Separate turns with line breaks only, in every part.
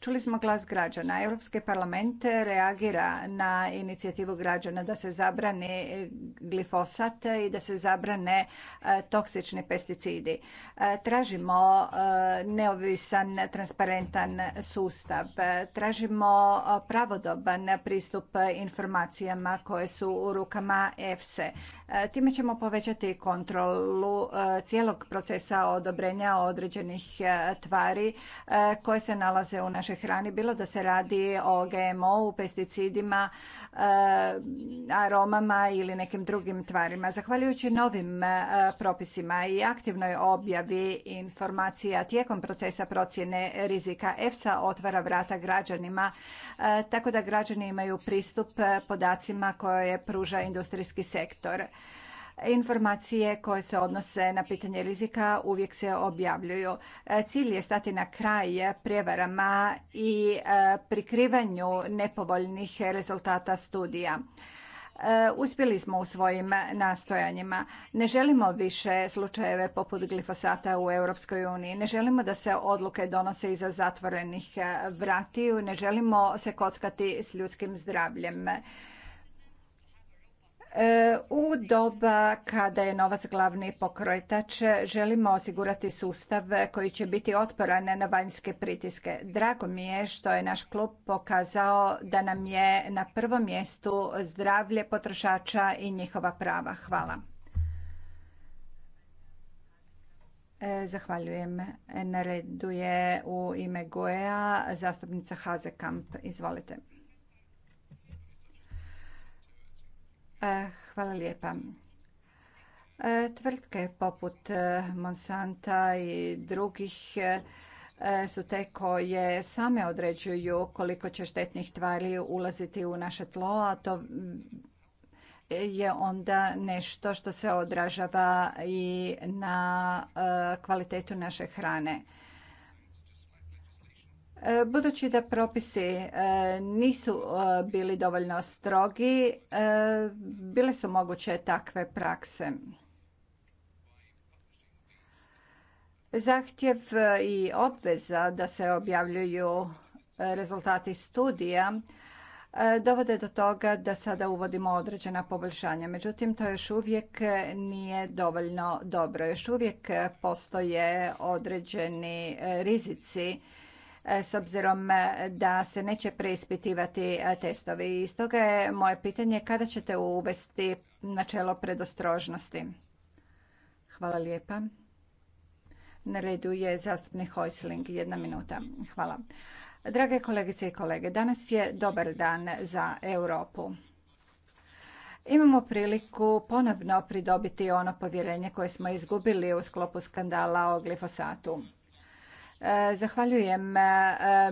Čuli smo glas građana. Europski parlament reagira na inicijativu građana da se zabrani glifosat i da se zabrane e, toksični pesticidi. E, tražimo e, neovisan, transparentan sustav. Tražimo pravodoban pristup informacijama koje su u rukama EFSE. Time ćemo povećati kontrolu cijelog procesa odobrenja određenih tvari koje se nalaze nalaze u našoj hrani, bilo da se radi o GMO, pesticidima, e, aromama ili nekim drugim tvarima. Zahvaljujući novim e, propisima i aktivnoj objavi informacija tijekom procesa procjene rizika EFSA otvara vrata građanima e, tako da građani imaju pristup podacima koje pruža industrijski sektor. Informacije koje se odnose na pitanje rizika uvijek se objavljuju. E, cilj je stati na kraj prijevarama i e, prikrivanju nepovoljnih rezultata studija. E, uspjeli smo u svojim nastojanjima. Ne želimo više slučajeve poput glifosata u Europskoj uniji. Ne želimo da se odluke donose iza zatvorenih vratiju. Ne želimo se kockati s ljudskim zdravljem. E, u doba kada je novac glavni pokretač želimo osigurati sustav koji će biti otporan na vanjske pritiske. Drago mi je što je naš klub pokazao da nam je na prvom mjestu zdravlje potrošača i njihova prava. Hvala. E, zahvaljujem. Na redu je u ime zastupnica Hazekamp. Izvolite. Eh, hvala lijepa. Eh, tvrtke poput eh, Monsanta i drugih su te koje same određuju koliko će štetnih tvari ulaziti u naše tlo, a to je onda nešto što se odražava i na kvalitetu naše hrane. Budući da propisi e, nisu e, bili dovoljno strogi, e, bile su moguće takve prakse. Zahtjev i obveza da se objavljuju rezultati studija dovode do toga da sada uvodimo određena poboljšanja. Međutim, to još uvijek nije dovoljno dobro. Još uvijek postoje određeni rizici E, s obzirom e, da se neće preispitivati e, testovi. I stoga je moje pitanje kada ćete uvesti načelo predostrožnosti? Hvala lijepa. Na redu je zastupnik Hojsling. Jedna minuta. Hvala. Drage kolegice i kolege, danas je dobar dan za Europu. Imamo priliku ponovno pridobiti ono povjerenje koje smo izgubili u sklopu skandala o glifosatu. E, zahvaljujem e,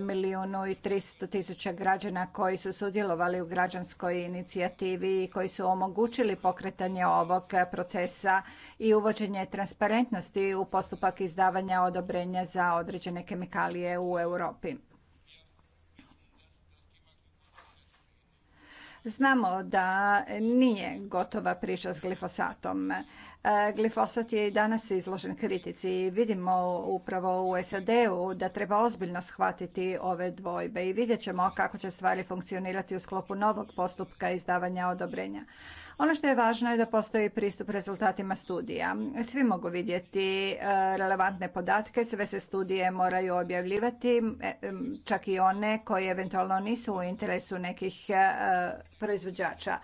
milijunu i tristo tisuća građana koji su sudjelovali u građanskoj inicijativi i koji su omogućili pokretanje ovog procesa i uvođenje transparentnosti u postupak izdavanja odobrenja za određene kemikalije u Europi. Znamo da nije gotova priča s glifosatom E, glifosat je i danas izložen kritici i vidimo upravo u SAD-u da treba ozbiljno shvatiti ove dvojbe i vidjet ćemo kako će stvari funkcionirati u sklopu novog postupka izdavanja odobrenja. Ono što je važno je da postoji pristup rezultatima studija. Svi mogu vidjeti e, relevantne podatke, sve se studije moraju objavljivati, e, čak i one koje eventualno nisu u interesu nekih proizvođača.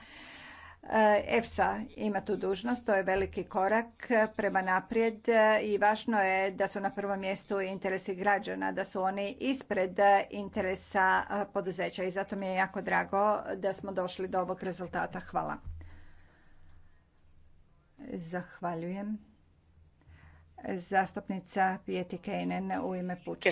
E, EFSA ima tu dužnost, to je veliki korak prema naprijed i važno je da su na prvom mjestu interesi građana, da su oni ispred interesa e, poduzeća i zato mi je jako drago da smo došli do ovog rezultata. Hvala. Zahvaljujem. Zastupnica Pijeti Kejnen u ime Puča.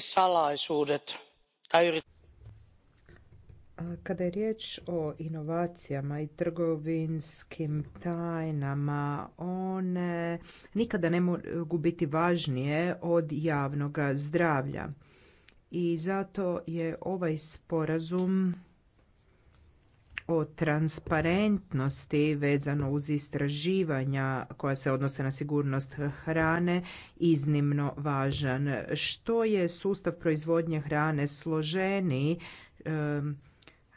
Kada je riječ o inovacijama i trgovinskim tajnama, one nikada ne mogu biti važnije od javnog zdravlja. I zato je ovaj sporazum o transparentnosti vezano uz istraživanja koja se odnose na sigurnost hrane iznimno važan. Što je sustav proizvodnje hrane složeniji,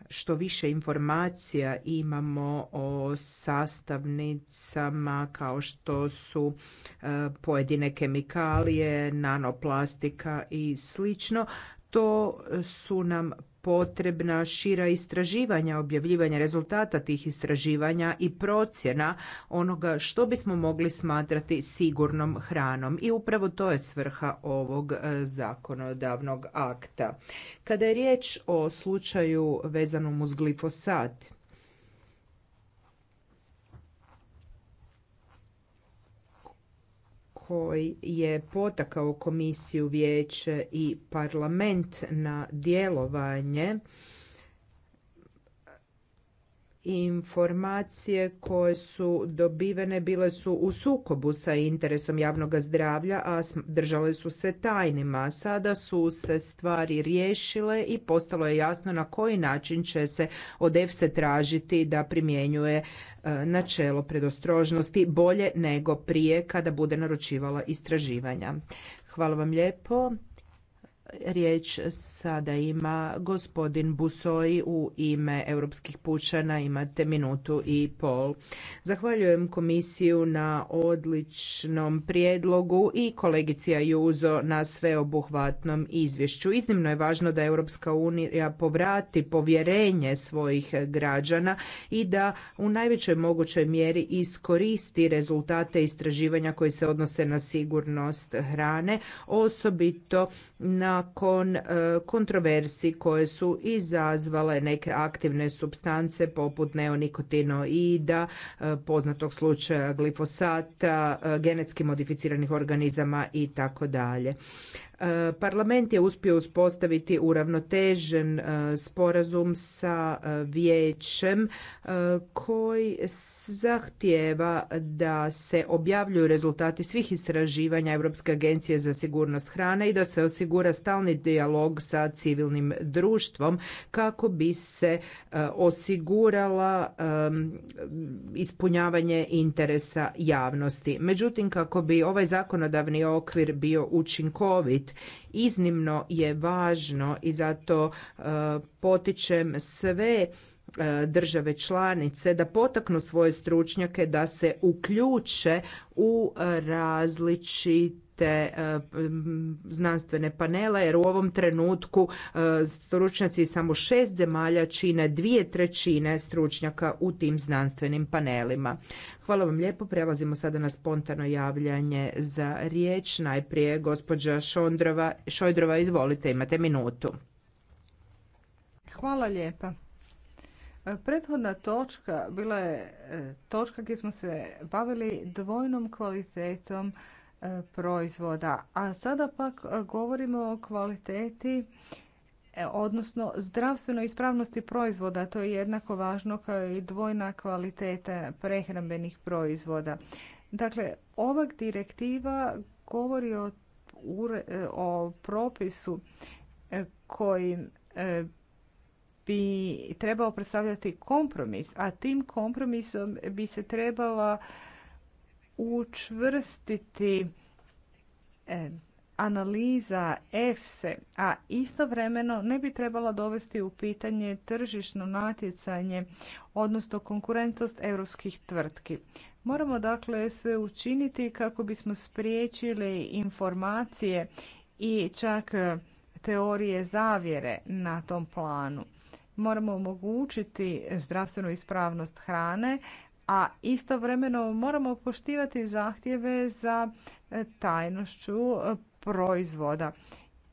što više informacija imamo o sastavnicama kao što su e, pojedine kemikalije, nanoplastika i slično, to su nam potrebna šira istraživanja, objavljivanja rezultata tih istraživanja i procjena onoga što bismo mogli smatrati sigurnom hranom. I upravo to je svrha ovog e, zakonodavnog akta. Kada je riječ o slučaju vezanom uz glifosat, koji je potakao komisiju vijeće i parlament na djelovanje informacije koje su dobivene bile su u sukobu sa interesom javnog zdravlja, a držale su se tajnima. Sada su se stvari riješile i postalo je jasno na koji način će se od EFSE tražiti da primjenjuje e, načelo predostrožnosti bolje nego prije kada bude naručivala istraživanja. Hvala vam lijepo. Riječ sada ima gospodin Busoi u ime Europskih pučana. Imate minutu i pol. Zahvaljujem komisiju na odličnom prijedlogu i kolegici Ajuzo na sveobuhvatnom izvješću. Iznimno je važno da Europska unija povrati povjerenje svojih građana i da u najvećoj mogućoj mjeri iskoristi rezultate istraživanja koji se odnose na sigurnost hrane, osobito na nakon e, kontroversi koje su izazvale neke aktivne substance poput neonikotinoida, e, poznatog slučaja glifosata, e, genetski modificiranih organizama i tako dalje. Eh, parlament je uspio uspostaviti uravnotežen eh, sporazum sa eh, vijećem koji zahtjeva da se objavljuju rezultati svih istraživanja Europske agencije za sigurnost hrane i da se osigura stalni dijalog sa civilnim društvom kako bi se osigurala ispunjavanje interesa javnosti. Međutim, kako bi ovaj zakonodavni okvir bio učinkovit, iznimno je važno i zato e, potičem sve e, države članice da potaknu svoje stručnjake da se uključe u različite te e, znanstvene panele jer u ovom trenutku e, stručnjaci samo šest zemalja čine dvije trećine stručnjaka u tim znanstvenim panelima. Hvala vam lijepo. Prelazimo sada na spontano javljanje za riječ. Najprije gospođa Šondrova, Šojdrova, izvolite, imate minutu.
Hvala lijepa. E, prethodna točka bila je točka gdje smo se bavili dvojnom kvalitetom E, proizvoda. A sada pak e, govorimo o kvaliteti e, odnosno zdravstvenoj ispravnosti proizvoda. To je jednako važno kao i dvojna kvaliteta prehrambenih proizvoda. Dakle, ova direktiva govori o, propisu koji bi trebao predstavljati kompromis, a tim kompromisom bi se trebala učvrstiti e, analiza EFSE, a istovremeno ne bi trebala dovesti u pitanje tržišno natjecanje, odnosno konkurentnost europskih tvrtki. Moramo dakle sve učiniti kako bismo spriječili informacije i čak e, teorije zavjere na tom planu. Moramo omogućiti zdravstvenu ispravnost hrane a istovremeno moramo poštivati zahtjeve za e, tajnošću e, proizvoda.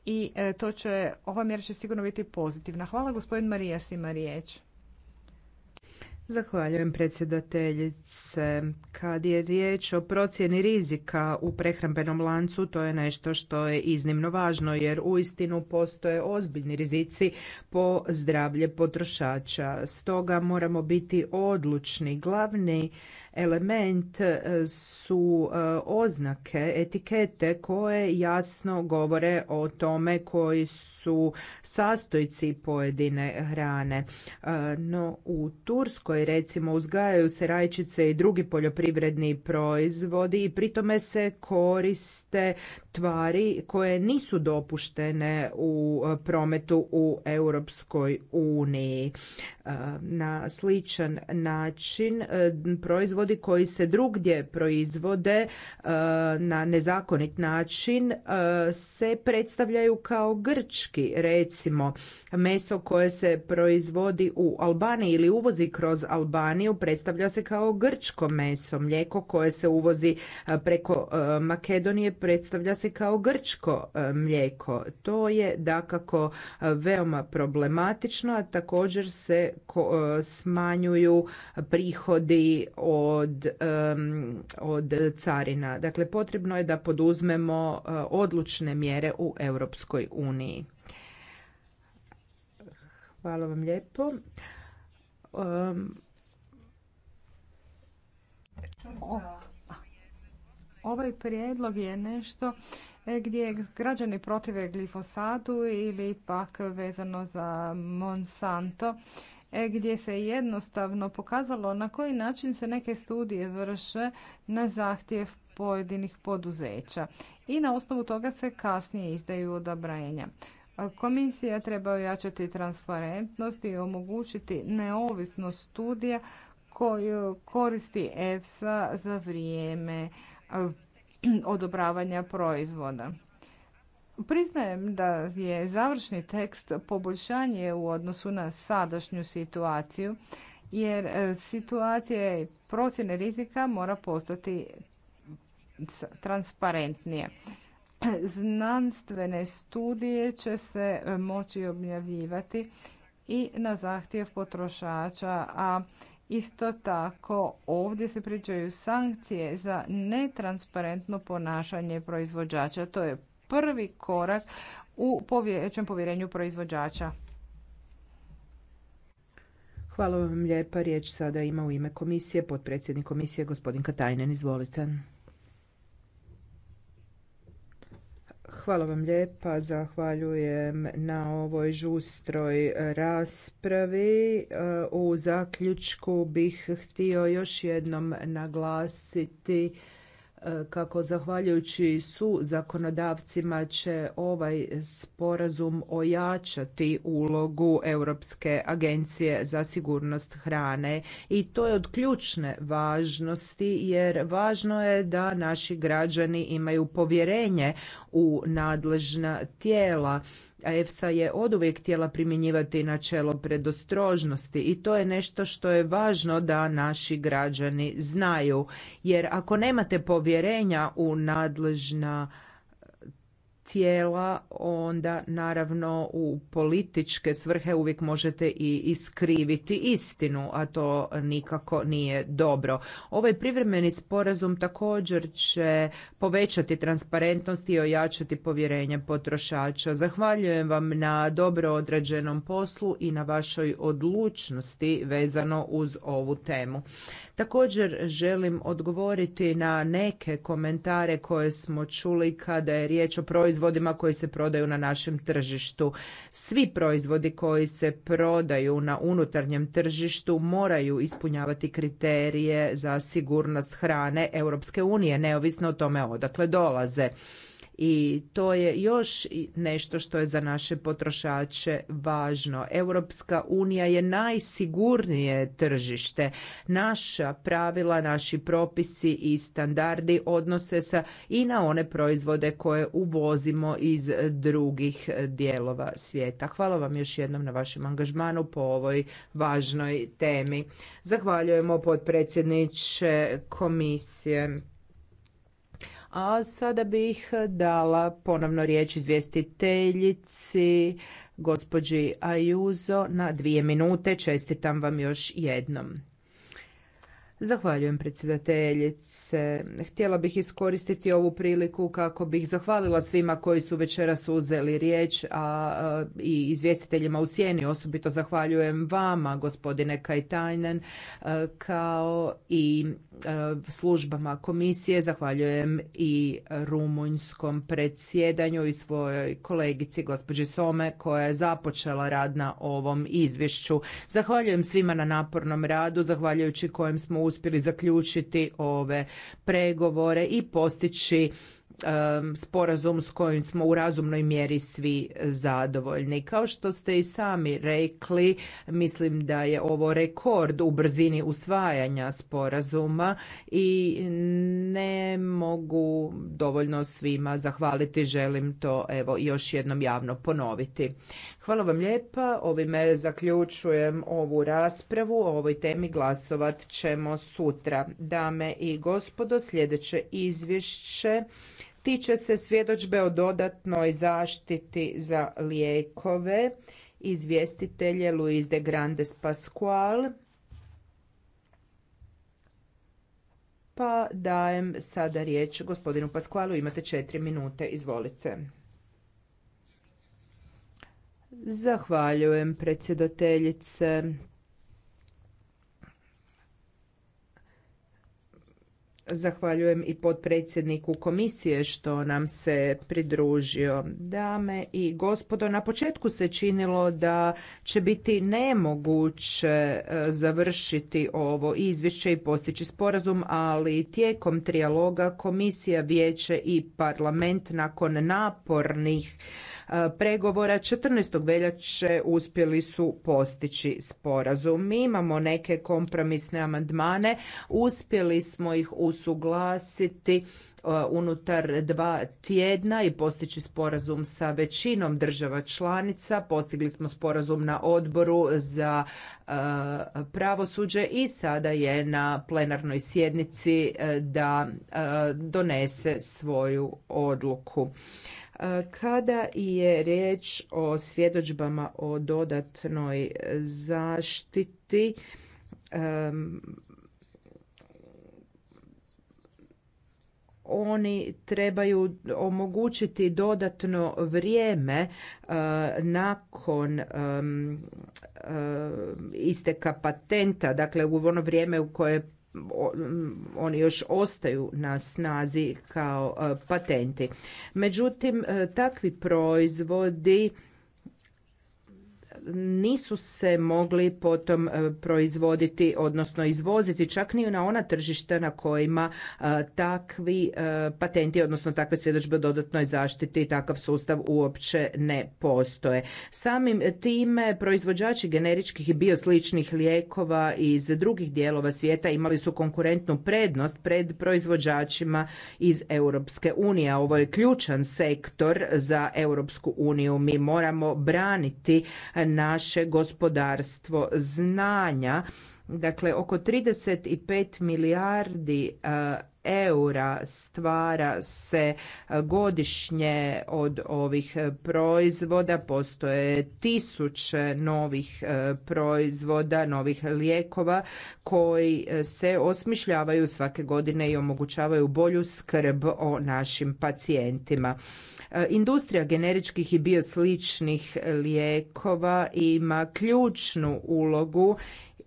I e, to će, ova mjera će sigurno biti pozitivna. Hvala gospodin Marija ima riječ.
Zahvaljujem predsjedateljice. Kad je riječ o procjeni rizika u prehrambenom lancu, to je nešto što je iznimno važno jer uistinu postoje ozbiljni rizici po zdravlje potrošača. Stoga moramo biti odlučni. Glavni element e, su e, oznake, etikete koje jasno govore o tome koji su sastojci pojedine hrane. E, no u Turskoj recimo uzgajaju se rajčice i drugi poljoprivredni proizvodi i pritome se koriste tvari koje nisu dopuštene u prometu u Europskoj uniji. Na sličan način proizvod proizvodi koji se drugdje proizvode e, na nezakonit način e, se predstavljaju kao grčki. Recimo, meso koje se proizvodi u Albaniji ili uvozi kroz Albaniju predstavlja se kao grčko meso. Mlijeko koje se uvozi e, preko Makedonije predstavlja se kao grčko mlijeko. To je dakako veoma problematično, a također se smanjuju prihodi od od, od carina. Dakle, potrebno je da poduzmemo eh, odlučne mjere u Europskoj uniji. Hvala vam lijepo.
ovaj prijedlog je nešto eh, gdje građani protive glifosadu ili pak vezano za Monsanto E, gdje se jednostavno pokazalo na koji način se neke studije vrše na zahtjev pojedinih poduzeća i na osnovu toga se kasnije izdaju odobrenja. Komisija treba ojačati transparentnost i omogućiti neovisnost studija koju koristi EFSA za vrijeme odobravanja proizvoda. Priznajem da je završni tekst poboljšanje u odnosu na sadašnju situaciju, jer e, situacija procjene rizika mora postati transparentnije. Znanstvene studije će se e, moći objavljivati i na zahtjev potrošača, a isto tako ovdje se pričaju sankcije za netransparentno ponašanje proizvođača. To je prvi korak u većem povjerenju proizvođača.
Hvala vam lijepa. Riječ sada ima u ime komisije potpredsjednik komisije gospodin Katajnen. Izvolite. Hvala vam lijepa, zahvaljujem na ovoj žustroj raspravi. U zaključku bih htio još jednom naglasiti kako zahvaljujući su zakonodavcima će ovaj sporazum ojačati ulogu Europske agencije za sigurnost hrane i to je od ključne važnosti jer važno je da naši građani imaju povjerenje u nadležna tijela a EFSA je oduvijek htjela primjenjivati načelo predostrožnosti i to je nešto što je važno da naši građani znaju jer ako nemate povjerenja u nadležna tijela, onda naravno u političke svrhe uvijek možete i iskriviti istinu, a to nikako nije dobro. Ovaj privremeni sporazum također će povećati transparentnost i ojačati povjerenje potrošača. Zahvaljujem vam na dobro odrađenom poslu i na vašoj odlučnosti vezano uz ovu temu. Također želim odgovoriti na neke komentare koje smo čuli kada je riječ o proizvodima koji se prodaju na našem tržištu. Svi proizvodi koji se prodaju na unutarnjem tržištu moraju ispunjavati kriterije za sigurnost hrane Europske unije, neovisno o tome odakle dolaze i to je još nešto što je za naše potrošače važno. Europska unija je najsigurnije tržište. Naša pravila, naši propisi i standardi odnose se i na one proizvode koje uvozimo iz drugih dijelova svijeta. Hvala vam još jednom na vašem angažmanu po ovoj važnoj temi. Zahvaljujemo potpredsjedniče komisije. A sada bih dala ponovno riječ izvjestiteljici gospođi Ajuzo na dvije minute. Čestitam vam još jednom. Zahvaljujem predsjedateljice. Htjela bih iskoristiti ovu priliku kako bih zahvalila svima koji su večeras uzeli riječ a, i izvjestiteljima u sjeni. Osobito zahvaljujem vama, gospodine Kajtajnen, kao i službama komisije. Zahvaljujem i rumunjskom predsjedanju i svojoj kolegici gospođi Some koja je započela rad na ovom izvješću. Zahvaljujem svima na napornom radu, zahvaljujući kojem smo uspjeli zaključiti ove pregovore i postići sporazum s kojim smo u razumnoj mjeri svi zadovoljni. Kao što ste i sami rekli, mislim da je ovo rekord u brzini usvajanja sporazuma i ne mogu dovoljno svima zahvaliti, želim to evo još jednom javno ponoviti. Hvala vam lijepa, ovime zaključujem ovu raspravu, o ovoj temi glasovat ćemo sutra. Dame i gospodo, sljedeće izvješće tiče se svjedočbe o dodatnoj zaštiti za lijekove. izvjestitelje Luis de Grandes Pascual. Pa dajem sada riječ gospodinu Pasqualu. Imate četiri minute. Izvolite. Zahvaljujem predsjedateljice. Zahvaljujem i potpredsjedniku komisije što nam se pridružio. Dame i gospodo, na početku se činilo da će biti nemoguće e, završiti ovo izvješće i postići sporazum, ali tijekom trijaloga komisija, vijeće i parlament nakon napornih E, pregovora 14. veljače uspjeli su postići sporazum. Mi imamo neke kompromisne amandmane, uspjeli smo ih usuglasiti e, unutar dva tjedna i postići sporazum sa većinom država članica. Postigli smo sporazum na odboru za e, pravosuđe i sada je na plenarnoj sjednici da donese svoju odluku. Kada je riječ o svjedodžbama o dodatnoj zaštiti, oni trebaju omogućiti dodatno vrijeme e, nakon e, isteka patenta, dakle u ono vrijeme u koje oni još ostaju na snazi kao e, patenti. Međutim, e, takvi proizvodi nisu se mogli potom e, proizvoditi, odnosno izvoziti čak ni na ona tržišta na kojima e, takvi e, patenti, odnosno takve svjedočbe o dodatnoj zaštiti i takav sustav uopće ne postoje. Samim time proizvođači generičkih i biosličnih lijekova iz drugih dijelova svijeta imali su konkurentnu prednost pred proizvođačima iz Europske unije. Ovo je ključan sektor za Europsku uniju. Mi moramo braniti naše gospodarstvo znanja. Dakle, oko 35 milijardi eura stvara se godišnje od ovih proizvoda. Postoje tisuće novih e, proizvoda, novih lijekova koji e, se osmišljavaju svake godine i omogućavaju bolju skrb o našim pacijentima. E, industrija generičkih i biosličnih lijekova ima ključnu ulogu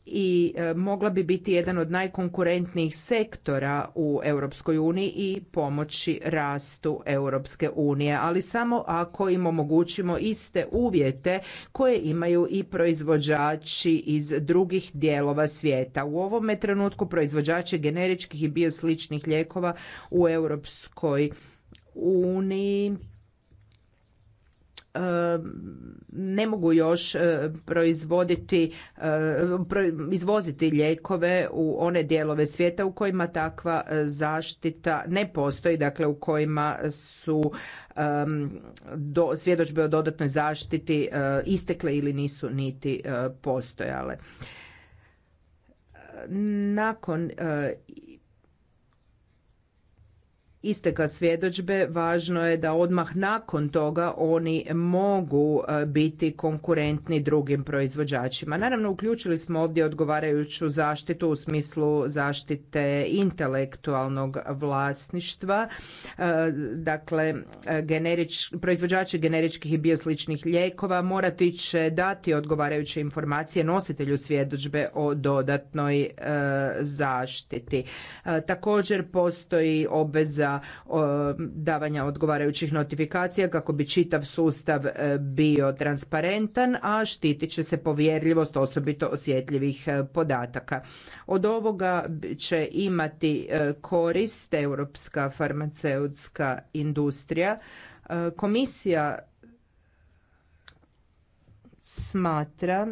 i e, mogla bi biti jedan od najkonkurentnijih sektora u Europskoj uniji i pomoći rastu Europske unije, ali samo ako im omogućimo iste uvjete koje imaju i proizvođači iz drugih dijelova svijeta. U ovome trenutku proizvođači generičkih i biosličnih lijekova u Europskoj uniji ne mogu još e, proizvoditi, e, izvoziti lijekove u one dijelove svijeta u kojima takva e, zaštita ne postoji, dakle u kojima su do, svjedočbe o dodatnoj zaštiti istekle ili nisu niti postojale. Nakon isteka svjedodžbe važno je da odmah nakon toga oni mogu e, biti konkurentni drugim proizvođačima. Naravno uključili smo ovdje odgovarajuću zaštitu u smislu zaštite intelektualnog vlasništva. E, dakle generič, proizvođači generičkih i biosličnih lijekova morati će dati odgovarajuće informacije nositelju svjedodžbe o dodatnoj e, zaštiti. Također postoji obveza davanja odgovarajućih notifikacija kako bi čitav sustav e, bio transparentan, a štitit će se povjerljivost osobito osjetljivih e, podataka. Od ovoga će imati e, korist europska farmaceutska industrija. Komisija smatra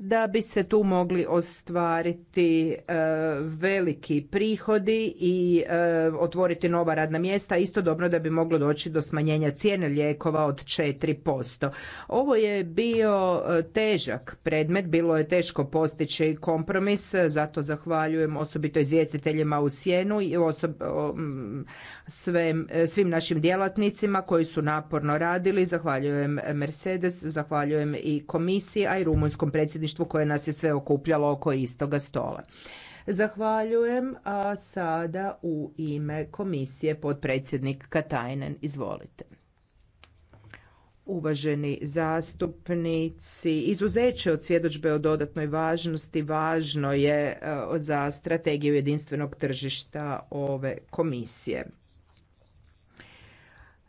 da bi se tu mogli ostvariti e, veliki prihodi i e, otvoriti nova radna mjesta, Isto dobro da bi moglo doći do smanjenja cijene lijekova od 4%. Ovo je bio e, težak predmet, bilo je teško postići kompromis, zato zahvaljujem osobito izvjestiteljima u Sjenu i osob, svim našim djelatnicima koji su naporno radili. Zahvaljujem Mercedes, zahvaljujem i komisiji, a i rumunjskom predsjedniku koje nas je sve okupljalo oko istoga stola. Zahvaljujem, a sada u ime komisije potpredsjednik Katajnen, izvolite. Uvaženi zastupnici, izuzeće od svjedočbe o dodatnoj važnosti važno je e, za strategiju jedinstvenog tržišta ove komisije.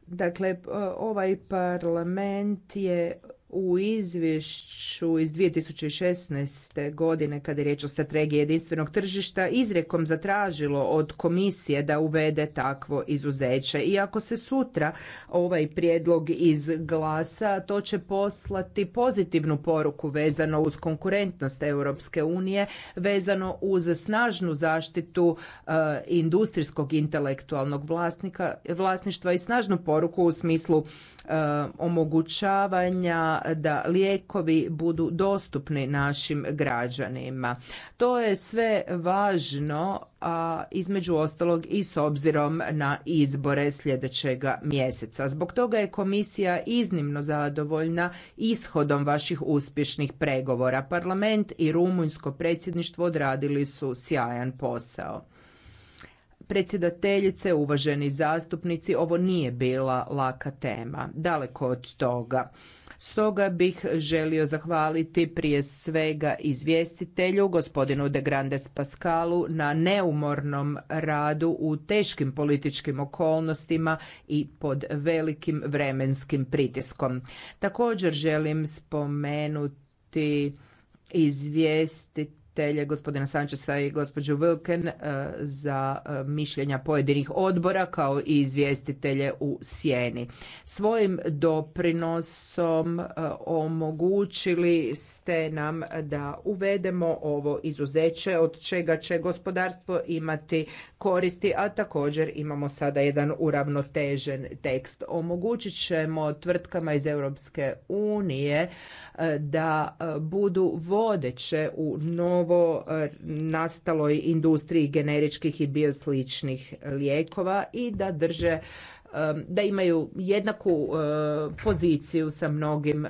Dakle, e, ovaj parlament je u izvješću iz 2016. godine, kada je riječ o strategiji jedinstvenog tržišta, izrekom zatražilo od komisije da uvede takvo izuzeće. I ako se sutra ovaj prijedlog iz glasa to će poslati pozitivnu poruku vezano uz konkurentnost Europske unije, vezano uz snažnu zaštitu e, industrijskog intelektualnog vlasnika, vlasništva i snažnu poruku u smislu e, omogućavanja da lijekovi budu dostupni našim građanima. To je sve važno, a između ostalog i s obzirom na izbore sljedećeg mjeseca. Zbog toga je komisija iznimno zadovoljna ishodom vaših uspješnih pregovora. Parlament i rumunjsko predsjedništvo odradili su sjajan posao predsjedateljice, uvaženi zastupnici, ovo nije bila laka tema, daleko od toga. Stoga bih želio zahvaliti prije svega izvjestitelju, gospodinu de Grandes Pascalu, na neumornom radu u teškim političkim okolnostima i pod velikim vremenskim pritiskom. Također želim spomenuti izvijestiti izvjestitelje gospodina Sančesa i gospođu Vilken eh, za eh, mišljenja pojedinih odbora kao i izvjestitelje u sjeni. Svojim doprinosom eh, omogućili ste nam da uvedemo ovo izuzeće od čega će gospodarstvo imati koristi, a također imamo sada jedan uravnotežen tekst. Omogućit ćemo tvrtkama iz Europske unije da budu vodeće u novom novo e, nastaloj industriji generičkih i biosličnih lijekova i da drže e, da imaju jednaku e, poziciju sa mnogim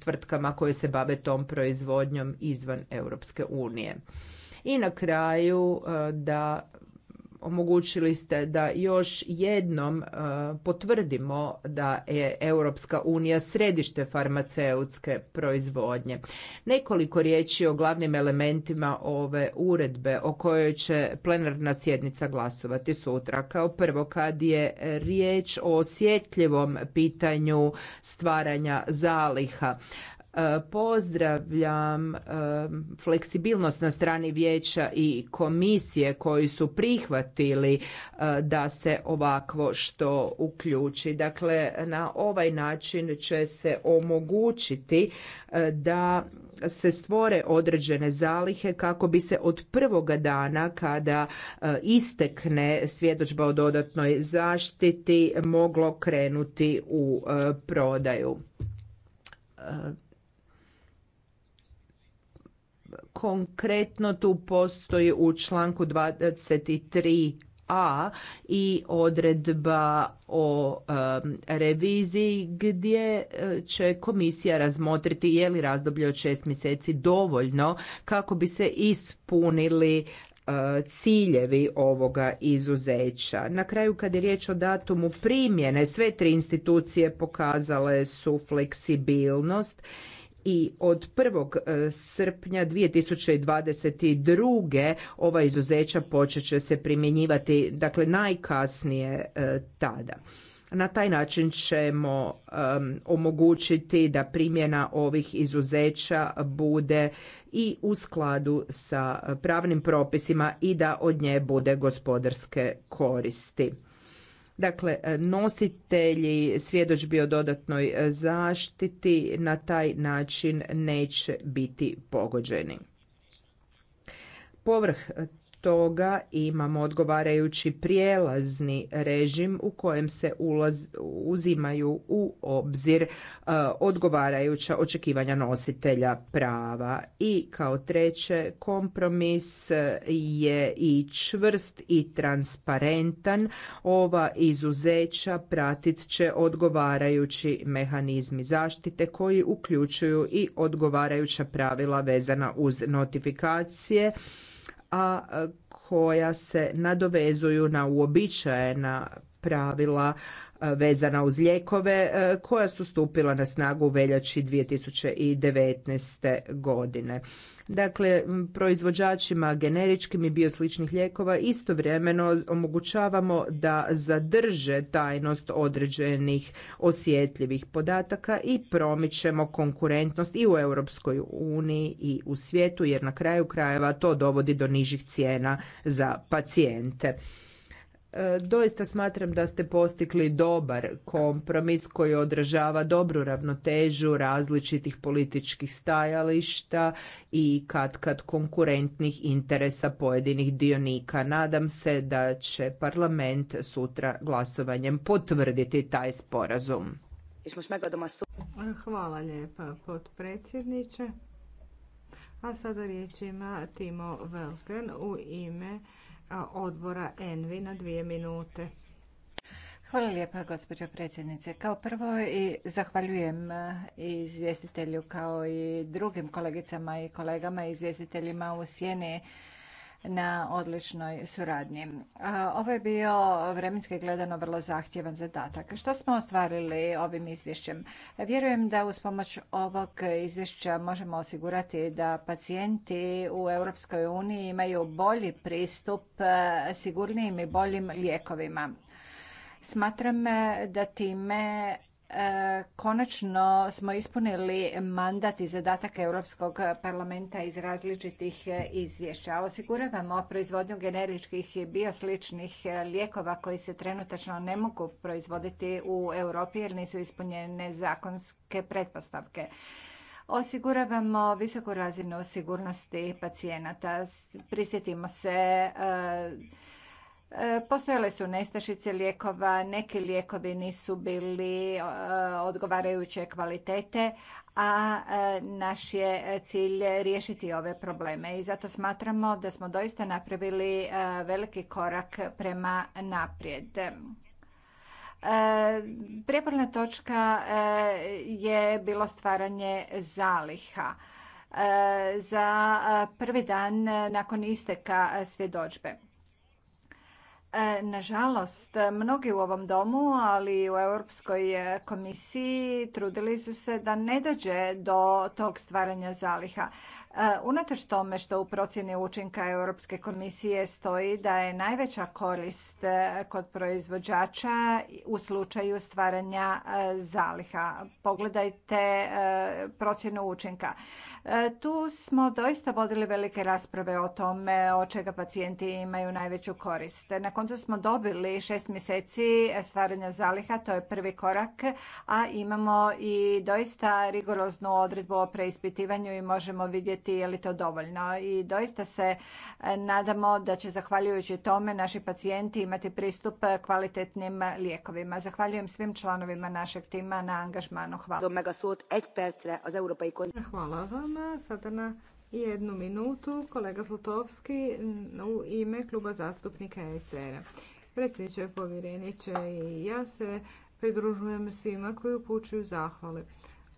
tvrtkama koje se bave tom proizvodnjom izvan Europske unije. I na kraju da omogućili ste da još jednom e, potvrdimo da je Europska unija središte farmaceutske proizvodnje. Nekoliko riječi o glavnim elementima ove uredbe o kojoj će plenarna sjednica glasovati sutra. Kao prvo kad je riječ o osjetljivom pitanju stvaranja zaliha. E, pozdravljam e, fleksibilnost na strani vijeća i komisije koji su prihvatili e, da se ovakvo što uključi. Dakle, na ovaj način će se omogućiti da se stvore određene zalihe kako bi se od prvoga dana kada istekne svjedočba o dodatnoj zaštiti moglo krenuti u prodaju Konkretno tu postoji u članku 23a i odredba o reviziji gdje eh, će komisija razmotriti je li razdoblje od šest mjeseci dovoljno kako bi se ispunili eh, ciljevi ovoga izuzeća. Na kraju kad je riječ o datumu primjene, sve tri institucije pokazale su fleksibilnost i od 1. E, srpnja 2022. ova izuzeća počet će se primjenjivati dakle najkasnije e, tada. Na taj način ćemo omogućiti da primjena ovih izuzeća bude i u skladu sa pravnim propisima i da od nje bude gospodarske koristi. Dakle, nositelji svjedočbi o dodatnoj zaštiti na taj način neće biti pogođeni. Povrh toga imamo odgovarajući prijelazni režim u kojem se ulaz, uzimaju u obzir e, odgovarajuća očekivanja nositelja prava. I kao treće, kompromis je i čvrst i transparentan. Ova izuzeća pratit će odgovarajući mehanizmi zaštite koji uključuju i odgovarajuća pravila vezana uz notifikacije a koja se nadovezuju na uobičajena pravila E, vezana uz lijekove e, koja su stupila na snagu u veljači 2019. godine. Dakle, proizvođačima generičkim i biosličnih lijekova istovremeno omogućavamo da zadrže tajnost određenih osjetljivih podataka i promičemo konkurentnost i u Europskoj uniji i u svijetu jer na kraju krajeva to dovodi do nižih cijena za pacijente. E, doista smatram da ste postigli dobar kompromis koji odražava dobru ravnotežu različitih političkih stajališta i kad kad konkurentnih interesa pojedinih dionika. Nadam se da će parlament sutra glasovanjem potvrditi taj sporazum.
Hvala lijepa potpredsjedniče. A sada riječ ima Timo Velken u ime odbora Envi na dvije minute. Hvala lijepa, gospođo predsjednice. Kao prvo i
zahvaljujem e, izvjestitelju kao i drugim kolegicama i kolegama i izvjestiteljima u Sjeni na odličnoj suradnji. Ovo je bio vremenski gledano vrlo zahtjevan zadatak. Što smo ostvarili ovim izvješćem? Vjerujem da uz pomoć ovog izvješća možemo osigurati da pacijenti u Europskoj uniji imaju bolji pristup e, sigurnijim i boljim lijekovima. Smatram e, da time E, konačno smo ispunili mandat i zadatak Europskog parlamenta iz različitih e, izvješća. Osiguravamo proizvodnju generičkih i biosličnih e, lijekova koji se trenutačno ne mogu proizvoditi u Europi jer nisu ispunjene zakonske pretpostavke. Osiguravamo visoku razinu sigurnosti pacijenata. Prisjetimo se E, postojale su nestašice lijekova, neki lijekovi nisu bili e, odgovarajuće kvalitete, a e, naš je cilj riješiti ove probleme i zato smatramo da smo doista napravili veliki korak prema naprijed. Prijeporna točka je bilo stvaranje zaliha za prvi dan nakon isteka svjedočbe. E, nažalost, mnogi u ovom domu, ali i u Europskoj e, komisiji trudili su se da ne dođe do tog stvaranja zaliha. E, unatoč tome što u procjeni učinka Europske komisije stoji da je najveća korist kod proizvođača u slučaju stvaranja zaliha. Pogledajte procjenu učinka. Tu smo doista vodili velike rasprave o tome od čega pacijenti imaju najveću korist. Nakon Onda smo dobili šest mjeseci stvaranja zaliha, to je prvi korak, a imamo i doista rigoroznu odredbu o preispitivanju i možemo vidjeti je li to dovoljno. I doista se e, nadamo da će zahvaljujući tome naši pacijenti imati pristup kvalitetnim lijekovima. Zahvaljujem svim članovima našeg tima na
angažmanu. Hvala. Hvala vam. Sada na jednu minutu kolega Zlotovski u ime kluba zastupnika ECR-a. Predsjedniče povjereniče i ja se pridružujem svima koji upućuju zahvale.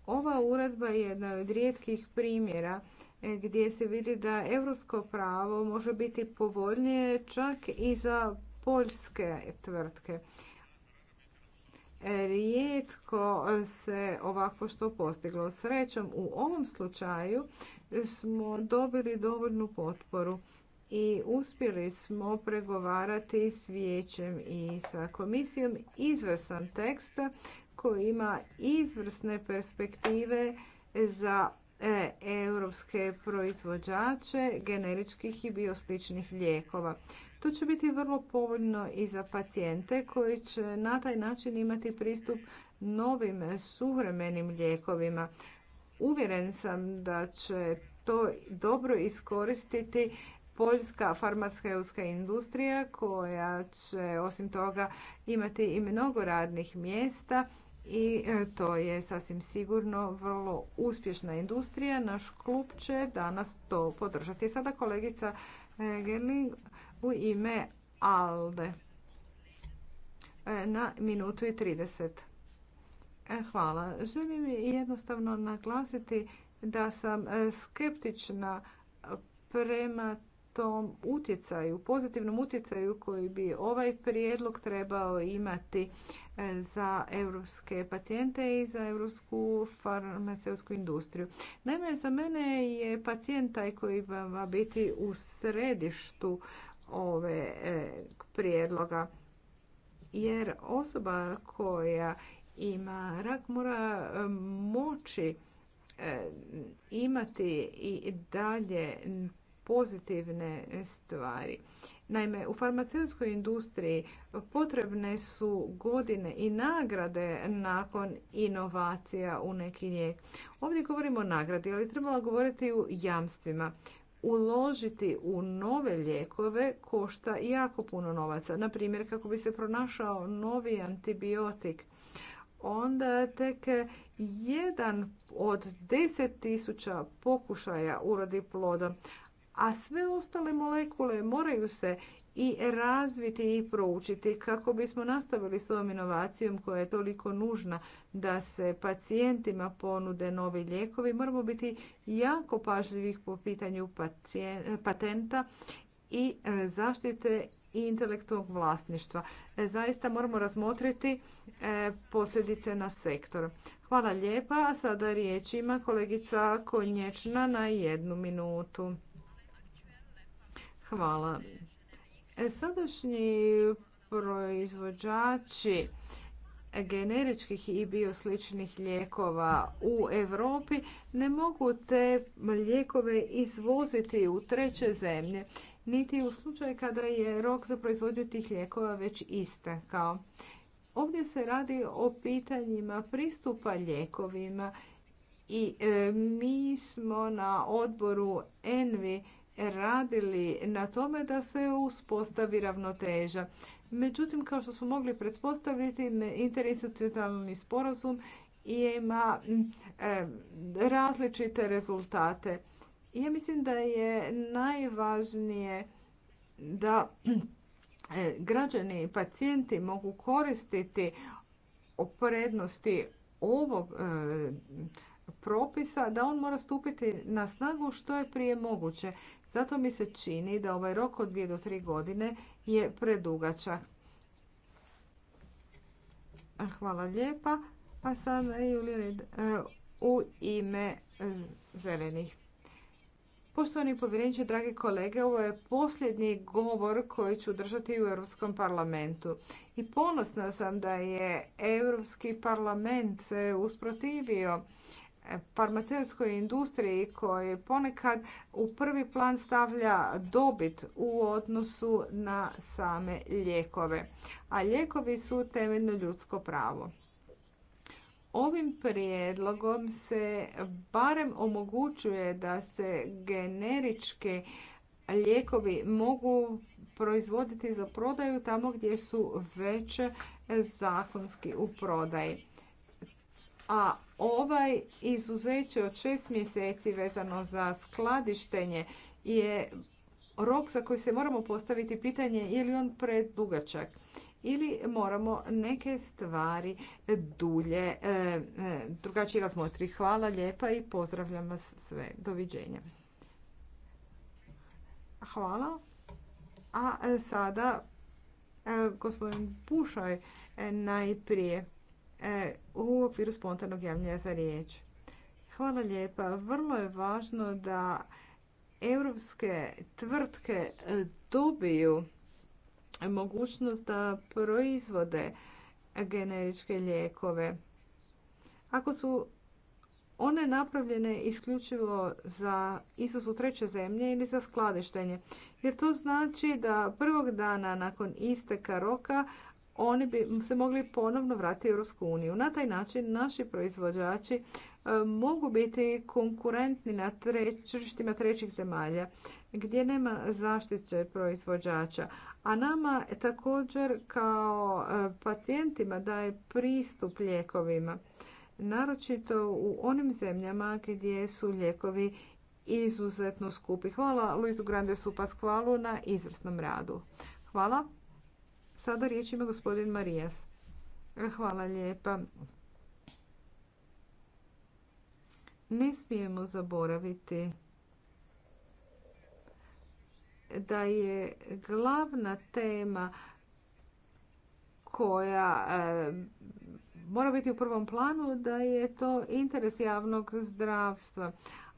Ova uredba je jedna od rijetkih primjera e, gdje se vidi da europsko pravo može biti povoljnije čak i za poljske tvrtke. E, rijetko se ovako što postiglo. Srećom u ovom slučaju smo dobili dovoljnu potporu i uspjeli smo pregovarati s vijećem i sa komisijom izvrstan tekst koji ima izvrsne perspektive za e, europske proizvođače generičkih i biosličnih lijekova. To će biti vrlo povoljno i za pacijente koji će na taj način imati pristup novim suvremenim lijekovima. Uvjeren sam da će to dobro iskoristiti poljska farmaceutska industrija koja će osim toga imati i mnogo radnih mjesta i e, to je sasvim sigurno vrlo uspješna industrija. Naš klub će danas to podržati. Sada kolegica e, Gerling u ime ALDE e, na minutu i 30. E, hvala. Želim jednostavno naglasiti da sam e, skeptična prema tom utjecaju, pozitivnom utjecaju koji bi ovaj prijedlog trebao imati e, za europske pacijente i za europsku farmaceutsku industriju. Naime, za mene je pacijent taj koji va biti u središtu ove prijedloga. Jer osoba koja ima rak mora e, moći e, imati i dalje pozitivne stvari. Naime, u farmaceutskoj industriji potrebne su godine i nagrade nakon inovacija u neki lijek. Ovdje govorimo o nagradi, ali trebalo govoriti o jamstvima. Uložiti u nove lijekove košta jako puno novaca. Na primjer, kako bi se pronašao novi antibiotik onda tek jedan od deset tisuća pokušaja urodi plodom, a sve ostale molekule moraju se i razviti i proučiti kako bismo nastavili s ovom inovacijom koja je toliko nužna da se pacijentima ponude novi lijekovi. Moramo biti jako pažljivih po pitanju patenta i e, zaštite i intelektualnog vlasništva. E, zaista moramo razmotriti e, posljedice na sektor. Hvala lijepa. sada riječ ima kolegica Konječna na jednu minutu. Hvala. E, sadašnji proizvođači generičkih i biosličnih lijekova u Europi ne mogu te lijekove izvoziti u treće zemlje niti u slučaju kada je rok za proizvodnju tih lijekova već istekao. Ovdje se radi o pitanjima pristupa lijekovima i e, mi smo na odboru ENVI radili na tome da se uspostavi ravnoteža. Međutim, kao što smo mogli pretpostaviti, interinstitucionalni sporazum ima e, različite rezultate. Ja mislim da je najvažnije da e, građani i pacijenti mogu koristiti prednosti ovog e, propisa da on mora stupiti na snagu što je prije moguće. Zato mi se čini da ovaj rok od 2 do tri godine je predugačak. Hvala lijepa. A sada Julija e, u ime zelenih. Poštovani povjereniče, dragi kolege, ovo je posljednji govor koji ću držati u Europskom parlamentu. I ponosna sam da je Europski parlament se usprotivio farmaceutskoj industriji koji ponekad u prvi plan stavlja dobit u odnosu na same lijekove. A lijekovi su temeljno ljudsko pravo. Ovim prijedlogom se barem omogućuje da se generičke lijekovi mogu proizvoditi za prodaju tamo gdje su već zakonski u prodaji. A ovaj izuzeće od šest mjeseci vezano za skladištenje je rok za koji se moramo postaviti pitanje je li on predugačak ili moramo neke stvari dulje e, e, drugačije razmotri. Hvala lijepa i pozdravljam vas sve. Doviđenja. Hvala. A e, sada gospodin Pušaj najprije u okviru spontanog javljanja za riječ. Hvala lijepa. Vrlo je važno da europske tvrtke dobiju mogućnost da proizvode generičke lijekove. Ako su one napravljene isključivo za izvoz u treće zemlje ili za skladištenje. Jer to znači da prvog dana nakon isteka roka oni bi se mogli ponovno vratiti u Europsku uniju. Na taj način naši proizvođači e, mogu biti konkurentni na tržištima trećih zemalja gdje nema zaštite proizvođača, a nama također kao e, pacijentima daje pristup lijekovima, naročito u onim zemljama gdje su lijekovi izuzetno skupi. Hvala Luizu Grandesu hvala na izvrsnom radu. Hvala. Sada riječ ima gospodin Marijas. E, hvala lijepa. Ne smijemo zaboraviti da je glavna tema koja eh, mora biti u prvom planu da je to interes javnog zdravstva.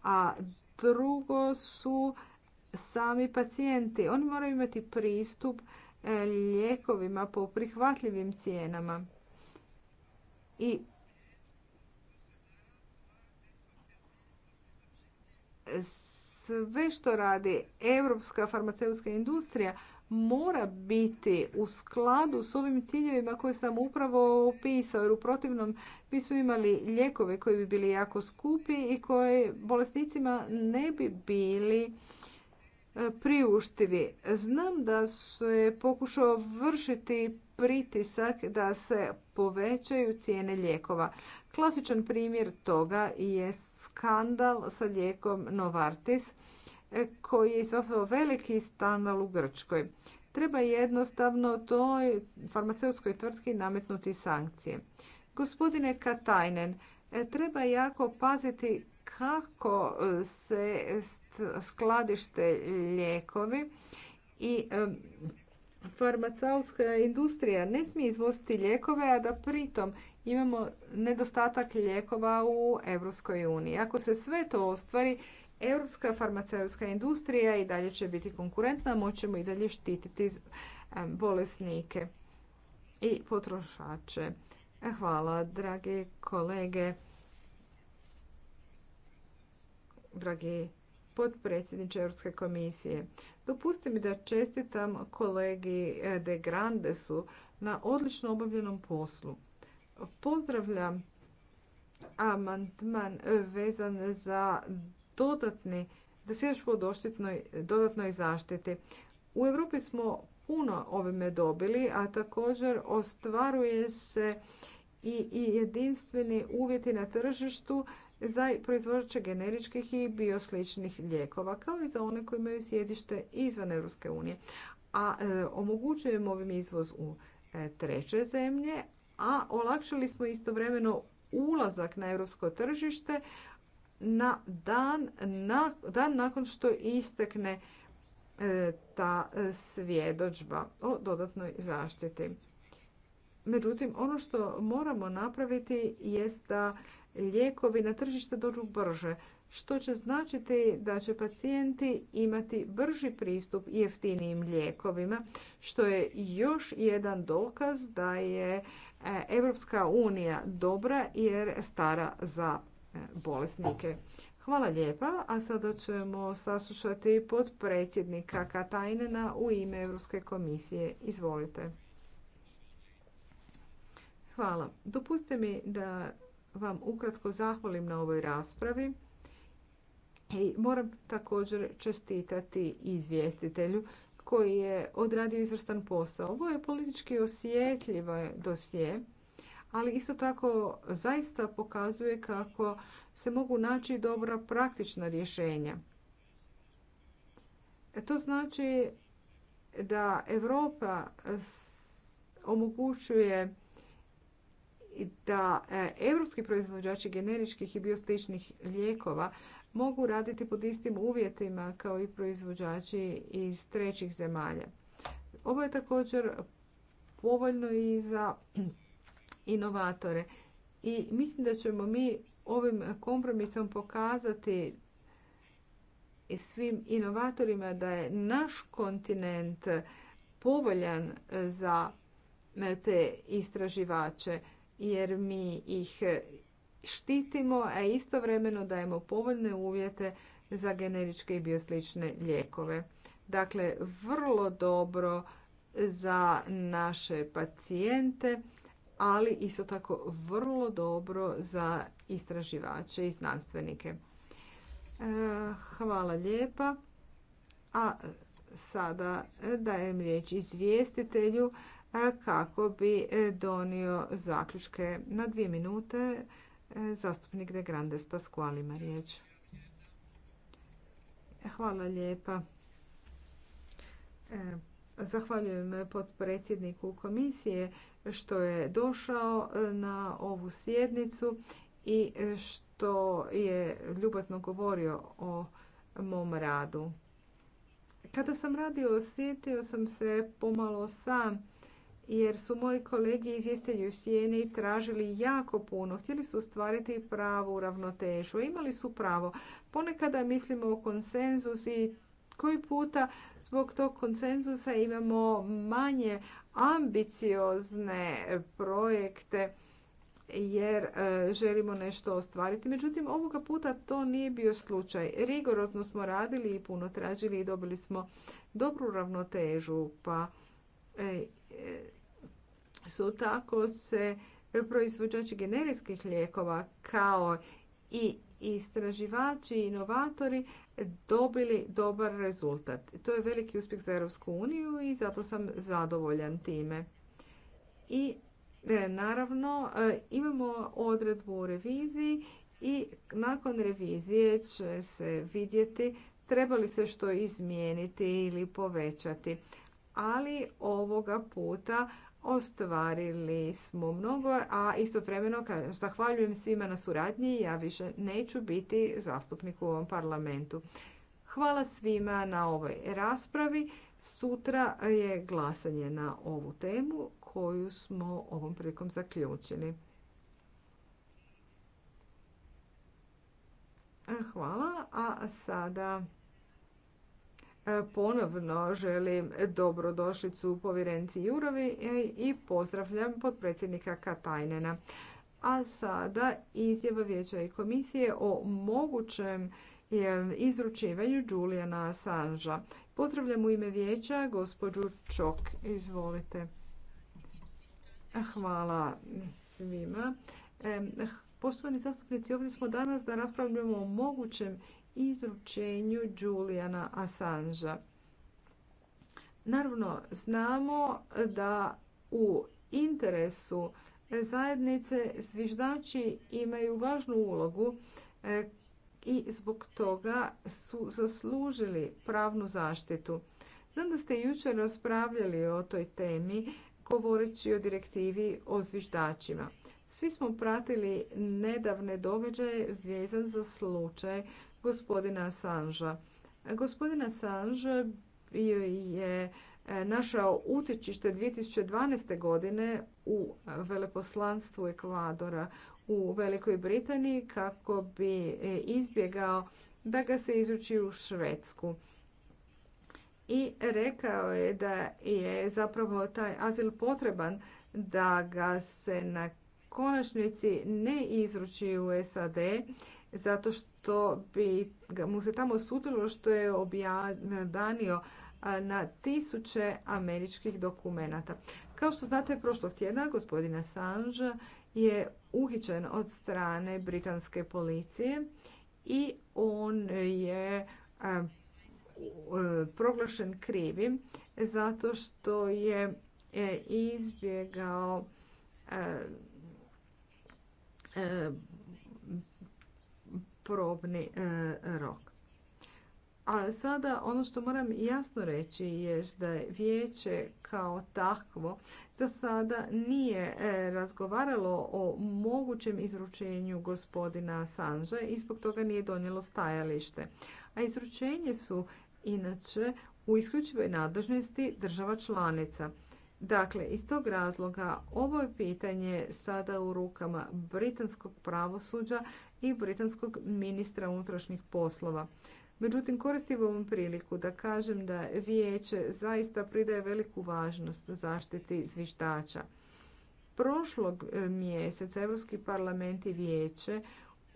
A drugo su sami pacijenti. Oni moraju imati pristup eh, lijekovima po prihvatljivim cijenama. I sve što radi europska farmaceutska industrija mora biti u skladu s ovim ciljevima koje sam upravo opisao jer u protivnom bismo imali lijekove koji bi bili jako skupi i koji bolesnicima ne bi bili e, priuštivi. Znam da se pokušao vršiti pritisak da se povećaju cijene lijekova. Klasičan primjer toga je skandal sa lijekom Novartis e, koji je veliki skandal u Grčkoj. Treba jednostavno toj farmaceutskoj tvrtki nametnuti sankcije. Gospodine Katajnen, e, treba jako paziti kako e, se skladište lijekovi i farmaceutska industrija ne smije izvoziti lijekove, a da pritom imamo nedostatak lijekova u Europskoj uniji. Ako se sve to ostvari, europska farmaceutska industrija i dalje će biti konkurentna, moćemo i dalje štititi e, bolesnike i potrošače. Hvala, dragi kolege, dragi potpredsjedniče Europske komisije. Dopusti mi da čestitam kolegi e, De Grandesu na odlično obavljenom poslu. Pozdravljam amandman vezan za dodatni, da se dodatnoj zaštiti. U Europi smo puno ovime dobili, a također ostvaruje se i, jedinstveni uvjeti na tržištu za proizvođače generičkih i biosličnih lijekova, kao i za one koji imaju sjedište izvan Europske unije. A e, omogućujemo ovim izvoz u e, treće zemlje, a olakšali smo istovremeno ulazak na europsko tržište na dan, dan nakon što istekne e, ta e, svjedočba o dodatnoj zaštiti. Međutim, ono što moramo napraviti jest da lijekovi na tržište dođu brže, što će značiti da će pacijenti imati brži pristup jeftinijim lijekovima, što je još jedan dokaz da je E, Evropska unija dobra jer stara za e, bolesnike. Hvala lijepa, a sada ćemo saslušati potpredsjednika Katajnena u ime Europske komisije. Izvolite. Hvala. Dopustite mi da vam ukratko zahvalim na ovoj raspravi. I moram također čestitati izvjestitelju koji je odradio izvrstan posao. Ovo je politički osjetljivo dosje, ali isto tako zaista pokazuje kako se mogu naći dobra praktična rješenja. E, to znači da Europa omogućuje da europski proizvođači generičkih i biostičnih lijekova mogu raditi pod istim uvjetima kao i proizvođači iz trećih zemalja. Ovo je također povoljno i za inovatore. I mislim da ćemo mi ovim kompromisom pokazati svim inovatorima da je naš kontinent povoljan za te istraživače jer mi ih štitimo, a istovremeno dajemo povoljne uvjete za generičke i bioslične lijekove. Dakle, vrlo dobro za naše pacijente, ali isto tako vrlo dobro za istraživače i znanstvenike. E, hvala lijepa. A sada dajem riječ izvjestitelju kako bi donio zaključke na dvije minute. Zastupnik De Grandes ima riječ. Hvala lijepa. E, zahvaljujem potpredsjedniku komisije što je došao na ovu sjednicu i što je ljubazno govorio o mom radu. Kada sam radio, osjetio sam se pomalo sam jer su moji kolegi iz u sjeni tražili jako puno. Htjeli su ostvariti pravu ravnotežu. Imali su pravo. Ponekada mislimo o konsenzus i koji puta zbog tog konsenzusa imamo manje ambiciozne projekte jer e, želimo nešto ostvariti. Međutim, ovoga puta to nije bio slučaj. Rigorozno smo radili i puno tražili i dobili smo dobru ravnotežu. Pa e, e, su tako se proizvođači generijskih lijekova kao i istraživači i inovatori dobili dobar rezultat. To je veliki uspjeh za Europsku uniju i zato sam zadovoljan time. I e, naravno e, imamo odredbu u reviziji i nakon revizije će se vidjeti treba li se što izmijeniti ili povećati. Ali ovoga puta Ostvarili smo mnogo, a istovremeno zahvaljujem svima na suradnji. Ja više neću biti zastupnik u ovom parlamentu. Hvala svima na ovoj raspravi. Sutra je glasanje na ovu temu koju smo ovom prilikom zaključili. Hvala, a sada... E, ponovno želim dobrodošlicu povjerenci Jurovi e, i pozdravljam potpredsjednika Katajnena. A sada izjava vijeća i komisije o mogućem e, izručivanju Julijana Sanža. Pozdravljam u ime vijeća gospođu Čok. Izvolite. Hvala svima. Poštovani zastupnici, ovdje smo danas da raspravljamo o mogućem izručenju Juliana Assangea. Naravno, znamo da u interesu zajednice zviždači imaju važnu ulogu e, i zbog toga su zaslužili pravnu zaštitu. Znam da ste jučer raspravljali o toj temi govoreći o direktivi o zviždačima. Svi smo pratili nedavne događaje vezan za slučaj gospodina Sanža Gospodin Sanža bio je e, našao utječište 2012. godine u veleposlanstvu Ekvadora u Velikoj Britaniji kako bi e, izbjegao da ga se izuči u Švedsku. I rekao je da je zapravo taj azil potreban da ga se na konačnici ne izruči u SAD zato što bi mu se tamo sudilo što je objadanio na tisuće američkih dokumenata. Kao što znate, prošlog tjedna gospodin Assange je uhićen od strane britanske policije i on je e, proglašen krivim zato što je e, izbjegao e, probni e, rok. A sada ono što moram jasno reći je da je vijeće kao takvo za sada nije e, razgovaralo o mogućem izručenju gospodina Sanže i zbog toga nije donijelo stajalište. A izručenje su inače u isključivoj nadležnosti država članica. Dakle, iz tog razloga ovo je pitanje sada u rukama britanskog pravosuđa i britanskog ministra unutrašnjih poslova. Međutim, koristim ovom priliku da kažem da vijeće zaista pridaje veliku važnost zaštiti zviždača. Prošlog e, mjeseca Europski parlament i vijeće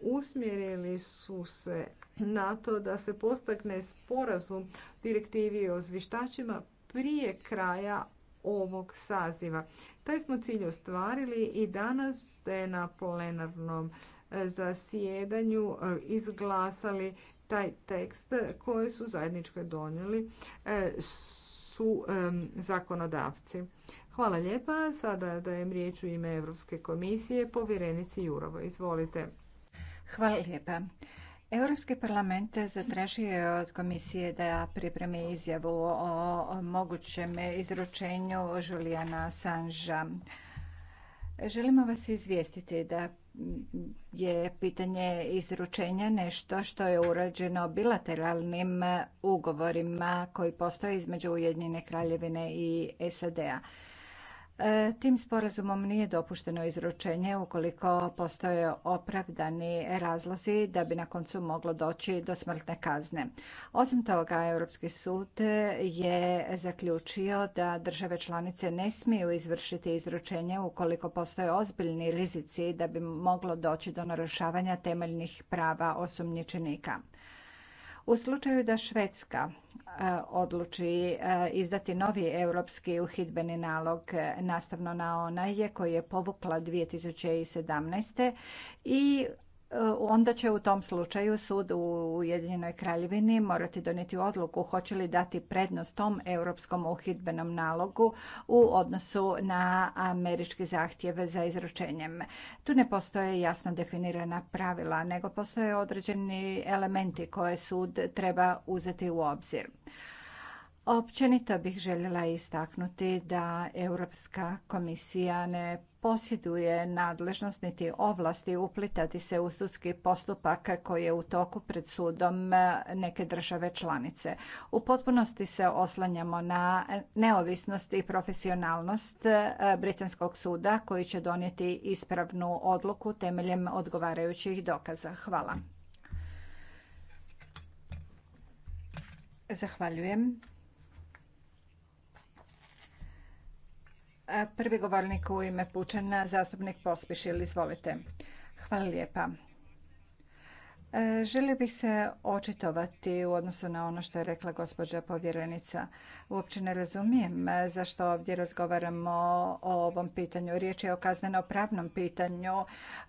usmjerili su se na to da se postakne sporazum direktivi o zviždačima prije kraja ovog saziva. Taj smo cilj ostvarili i danas ste na plenarnom zasjedanju e, izglasali taj tekst koji su zajedničko donijeli e, su e, zakonodavci. Hvala lijepa. Sada dajem riječ u ime Europske komisije povjerenici Jurovo. Izvolite. Hvala lijepa. Europski parlament zatražio je od komisije da
pripremi izjavu o mogućem izručenju Julijana Sanža. Želimo vas izvijestiti da je pitanje izručenja nešto što je urađeno bilateralnim ugovorima koji postoje između Ujedinjene kraljevine i SAD-a. E, tim sporazumom nije dopušteno izručenje ukoliko postoje opravdani razlozi da bi na koncu moglo doći do smrtne kazne. Osim toga, Europski sud je zaključio da države članice ne smiju izvršiti izručenje ukoliko postoje ozbiljni rizici da bi moglo doći do narušavanja temeljnih prava osumnjičenika. U slučaju da Švedska e, odluči e, izdati novi europski uhidbeni nalog e, nastavno na onaj koji je povukla 2017. i E, onda će u tom slučaju sud u Ujedinjenoj kraljevini morati donijeti odluku hoće li dati prednost tom europskom uhidbenom nalogu u odnosu na američki zahtjev za izručenjem. Tu ne postoje jasno definirana pravila, nego postoje određeni elementi koje sud treba uzeti u obzir. Općenito bih željela istaknuti da Europska komisija ne posjeduje nadležnost niti ovlasti uplitati se u sudski postupak koji je u toku pred sudom neke države članice. U potpunosti se oslanjamo na neovisnost i profesionalnost e, Britanskog suda koji će donijeti ispravnu odluku temeljem odgovarajućih dokaza. Hvala. Zahvaljujem. Prvi govornik u ime Pučana, zastupnik Pospišil, izvolite. Hvala lijepa. Želio bih se očitovati u odnosu na ono što je rekla gospođa povjerenica. Uopće ne razumijem e, zašto ovdje razgovaramo o ovom pitanju. Riječ je o kazneno-pravnom pitanju.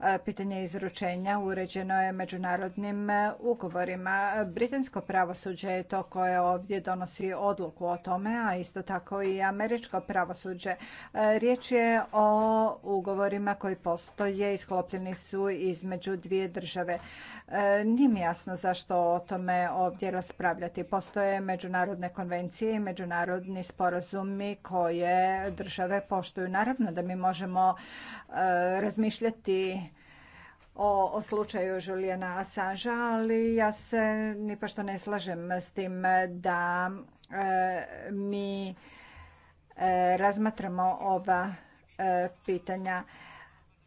E, pitanje izručenja uređeno je međunarodnim e, ugovorima. Britansko pravosuđe je to koje ovdje donosi odluku o tome, a isto tako i američko pravosuđe. Riječ je o ugovorima koji postoje i sklopljeni su između dvije države nije mi jasno zašto o tome ovdje raspravljati. Postoje međunarodne konvencije i međunarodni sporazumi koje države poštuju. Naravno da mi možemo e, razmišljati o, slučaju Julijana Assange, ali ja se nipošto ne slažem s tim da e, mi e, razmatramo ova pitanja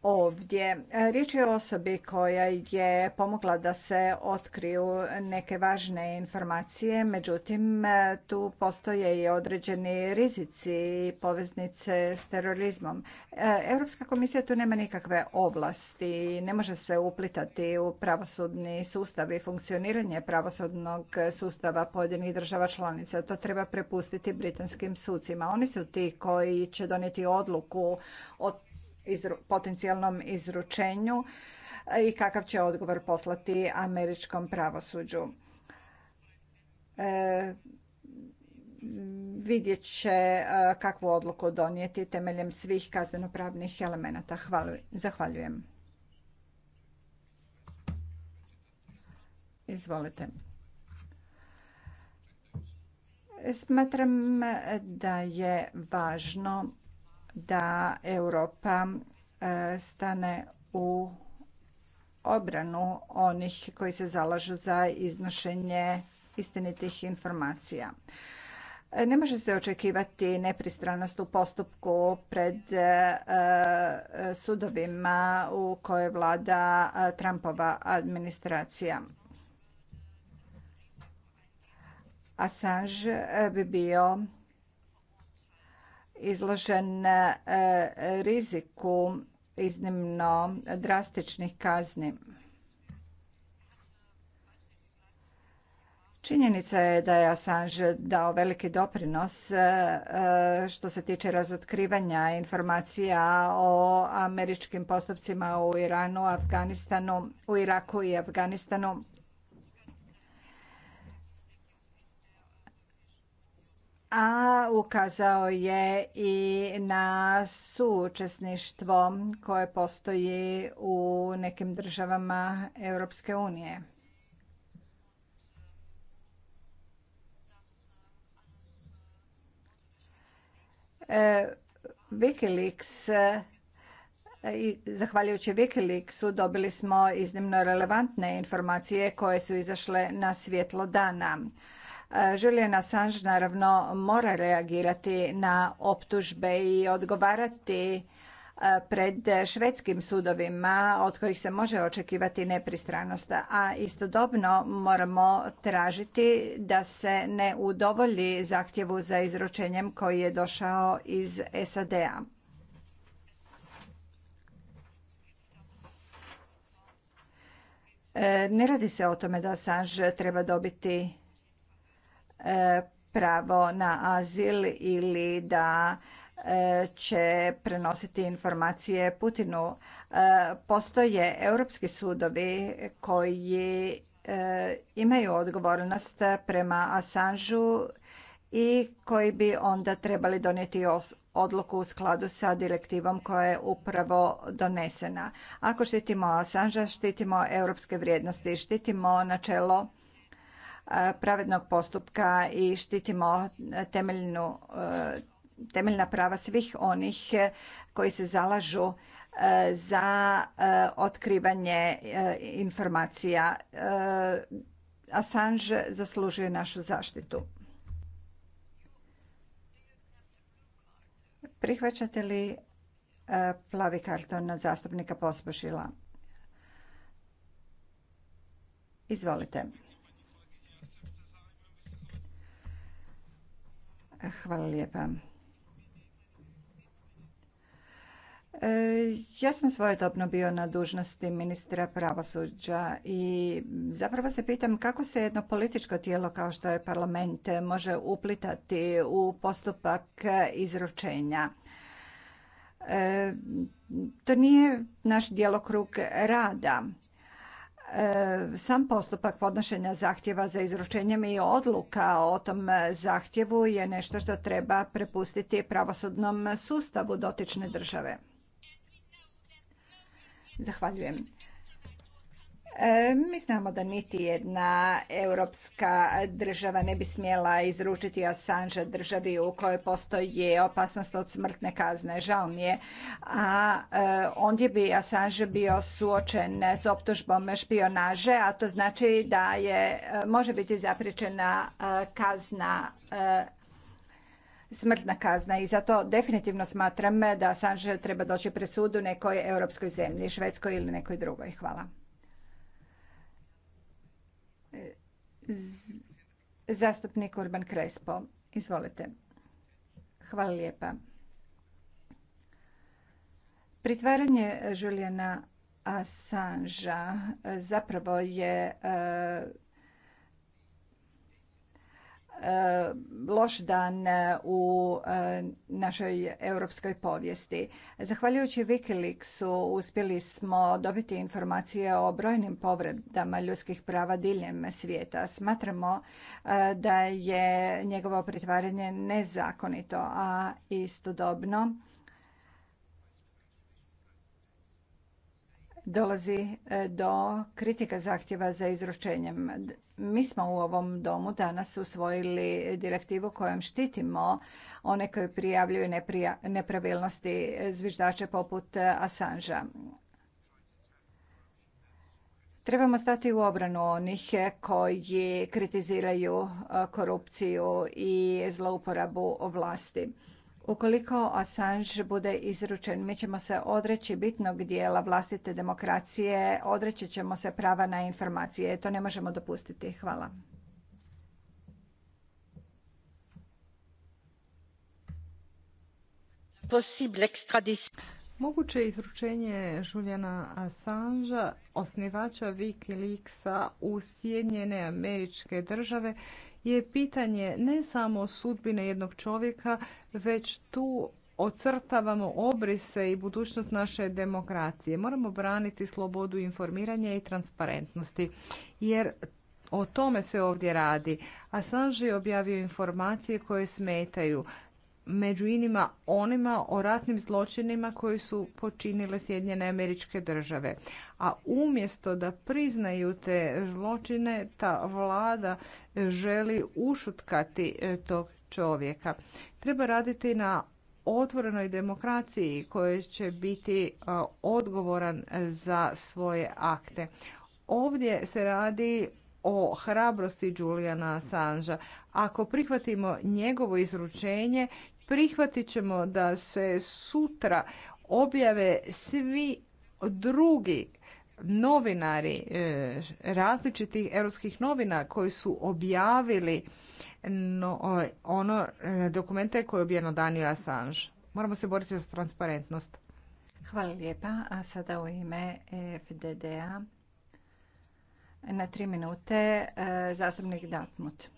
ovdje. Riječ je o osobi koja je pomogla da se otkriju neke važne informacije, međutim tu postoje i određeni rizici poveznice s terorizmom. Europska komisija tu nema nikakve ovlasti i ne može se uplitati u pravosudni sustav i funkcioniranje pravosudnog sustava pojedinih država članica. To treba prepustiti britanskim sucima. Oni su ti koji će donijeti odluku o potencijalnom izručenju e, i kakav će odgovor poslati američkom pravosuđu. E, vidjet će e, kakvu odluku donijeti temeljem svih kaznenopravnih elemenata. zahvaljujem. Izvolite. Smatram da je važno da Europa e, stane u obranu onih koji se zalažu za iznošenje istinitih informacija. E, ne može se očekivati nepristranost u postupku pred e, sudovima u koje vlada Trumpova administracija. Assange bi bio izložen e, riziku iznimno drastičnih kazni. Činjenica je da je Assange dao veliki doprinos e, što se tiče razotkrivanja informacija o američkim postupcima u Iranu, Afganistanu, u Iraku i Afganistanu a ukazao je i na suučesništvo koje postoji u nekim državama Europske unije. E, Wikileaks zahvaljujući Wikileaksu dobili smo iznimno relevantne informacije koje su izašle na svjetlo dana. Julian Assange naravno mora reagirati na optužbe i odgovarati e, pred švedskim sudovima od kojih se može očekivati nepristranost, a istodobno moramo tražiti da se ne udovolji zahtjevu za izručenjem koji je došao iz SAD-a. E, ne radi se o tome da Assange treba dobiti E, pravo na azil ili da e, će prenositi informacije Putinu. E, postoje europski sudovi koji imaju odgovornost prema Assangeu i koji bi onda trebali donijeti odluku u skladu sa direktivom koja je upravo donesena. Ako štitimo Assangea, štitimo europske vrijednosti, štitimo načelo pravednog postupka i štitimo temeljna prava svih onih koji se zalažu e, za e, otkrivanje e, informacija. Assange zaslužuje našu zaštitu. Prihvaćate li plavi karton od zastupnika Pospošila? Izvolite. Hvala lijepa. E, ja sam svojedobno bio na dužnosti ministra pravosuđa i zapravo se pitam kako se jedno političko tijelo kao što je parlament može uplitati u postupak izručenja. E, to nije naš djelokrug rada E, sam postupak podnošenja zahtjeva za izručenjem i odluka o tom zahtjevu je nešto što treba prepustiti pravosudnom sustavu dotične države. Zahvaljujem. E, mi znamo da niti jedna europska država ne bi smjela izručiti Assange državi u kojoj postoji opasnost od smrtne kazne. Žao mi je. A e, ondje bi Assange bio suočen s optužbom špionaže, a to znači da je, e, može biti zapričena kazna smrtna kazna i zato definitivno smatram da Assange treba doći presudu nekoj europskoj zemlji, Švedskoj ili nekoj drugoj. Hvala. Zastupnik Urban Krespo, izvolite. Hvala lijepa. Pritvaranje Žuljana Assangea zapravo je e, Eh, loš dan eh, u eh, našoj europskoj povijesti. Zahvaljujući Wikileaksu uspjeli smo dobiti informacije o brojnim povredama ljudskih prava diljem svijeta. Smatramo da je njegovo pritvaranje nezakonito, a istodobno dolazi e, do kritika zahtjeva za izručenjem. Mi smo u ovom domu danas usvojili direktivu kojom štitimo one koji prijavljuju nepravilnosti zviždače poput Asanža. Trebamo stati u obranu onih koji kritiziraju e, korupciju i zlouporabu vlasti. Ukoliko Assange bude izručen, mi ćemo se odreći bitnog dijela vlastite demokracije, odreći ćemo se prava na informacije. To ne možemo dopustiti. Hvala.
Moguće izručenje Juliana Assangea, osnivača Wikileaksa u Sjedinjene američke države je pitanje ne samo sudbine jednog čovjeka, već tu ocrtavamo obrise i budućnost naše demokracije. Moramo braniti slobodu informiranja i transparentnosti, jer o tome se ovdje radi. Assange je objavio informacije koje smetaju među inima onima o ratnim zločinima koji su počinile Sjedinjene američke države. A umjesto da priznaju te zločine, ta vlada želi ušutkati e, tog čovjeka. Treba raditi na otvorenoj demokraciji koje će biti e, odgovoran za svoje akte. Ovdje se radi o hrabrosti Juliana Assangea. Ako prihvatimo njegovo izručenje, prihvatit ćemo da se sutra objave svi drugi novinari e, različitih europskih novina koji su objavili ono e, dokumente koje je objavljeno Daniel Assange. Moramo se boriti za transparentnost.
Hvala lijepa. A sada u ime fdd na tri minute e, zastupnik Datmut.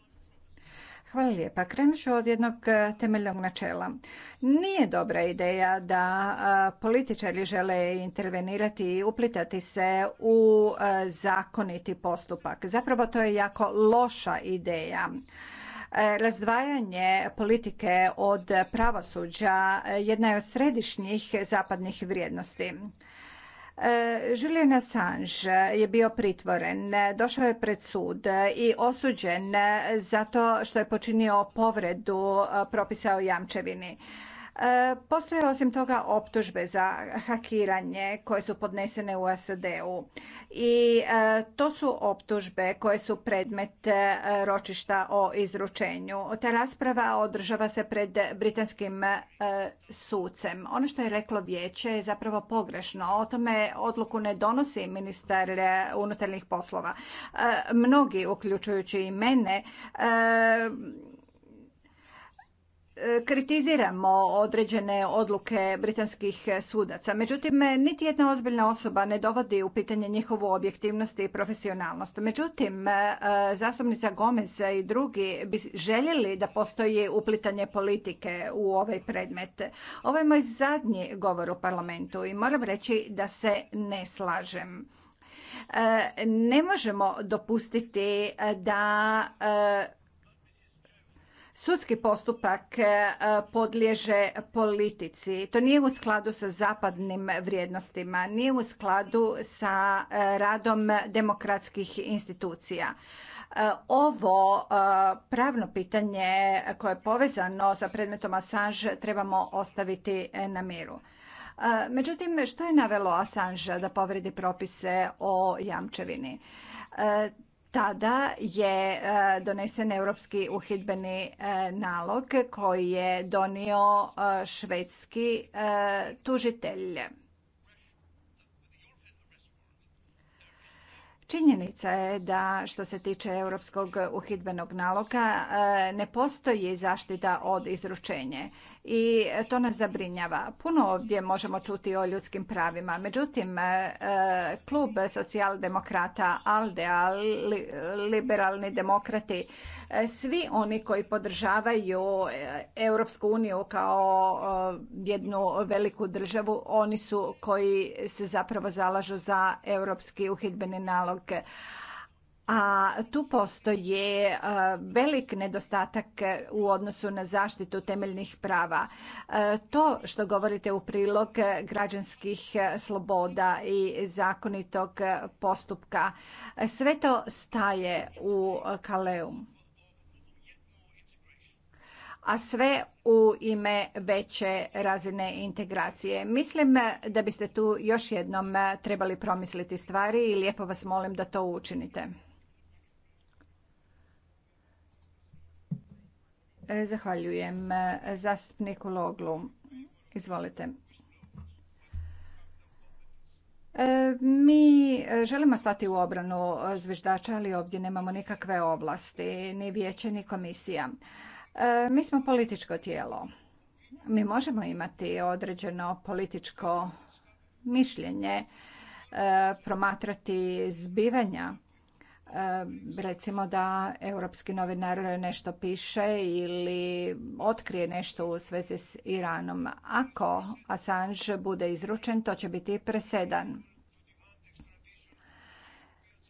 Hvala lijepa. Krenut ću od jednog e, temeljnog načela. Nije dobra ideja da političari žele intervenirati i uplitati se u e, zakoniti postupak. Zapravo to je jako loša ideja. E, razdvajanje politike od pravosuđa jedna je od središnjih zapadnih vrijednosti. E, Julian Assange je bio pritvoren, došao je pred sud i osuđen zato što je počinio povredu propisa o jamčevini. E, postoje osim toga optužbe za hakiranje koje su podnesene u SAD-u i e, to su optužbe koje su predmet e, ročišta o izručenju. Ta rasprava održava se pred britanskim sucem. Ono što je reklo vijeće je zapravo pogrešno. O tome odluku ne donosi ministar unutarnjih poslova. Mnogi, uključujući i mene, kritiziramo određene odluke britanskih sudaca. Međutim, niti jedna ozbiljna osoba ne dovodi u pitanje njihovu objektivnost i profesionalnost. Međutim, e, zastupnica Gomez i drugi bi željeli da postoji uplitanje politike u ovaj predmet. Ovo je moj zadnji govor u parlamentu i moram reći da se ne slažem. E, ne možemo dopustiti da e, Sudski postupak e, podliježe politici. To nije u skladu sa zapadnim vrijednostima, nije u skladu sa e, radom demokratskih institucija. E, ovo pravno pitanje koje je povezano sa predmetom Assange trebamo ostaviti na miru. Međutim, što je navelo Assange da povredi propise o jamčevini? Tada je e, donesen europski uhidbeni e, nalog koji je donio e, švedski tužitelj. Činjenica je da što se tiče europskog uhidbenog naloga e, ne postoji zaštita od izručenje i to nas zabrinjava. Puno ovdje možemo čuti o ljudskim pravima. Međutim, e, klub socijaldemokrata, alde liberalni demokrati, e, svi oni koji podržavaju Europsku uniju kao jednu veliku državu, oni su koji se zapravo zalažu za europski uhidbeni nalog a tu postoje velik nedostatak u odnosu na zaštitu temeljnih prava. To što govorite u prilog građanskih sloboda i zakonitog postupka, sve to staje u Kaleum a sve u ime veće razine integracije. Mislim da biste tu još jednom trebali promisliti stvari i lijepo vas molim da to učinite. E, zahvaljujem e, zastupniku Loglu. Izvolite. E, mi želimo stati u obranu zviždača, ali ovdje nemamo nikakve ovlasti, ni vijeće, ni komisija. E, mi smo političko tijelo. Mi možemo imati određeno političko mišljenje, e, promatrati zbivanja e, recimo da europski novinar nešto piše ili otkrije nešto u svezi s Iranom. Ako Assange bude izručen, to će biti presedan.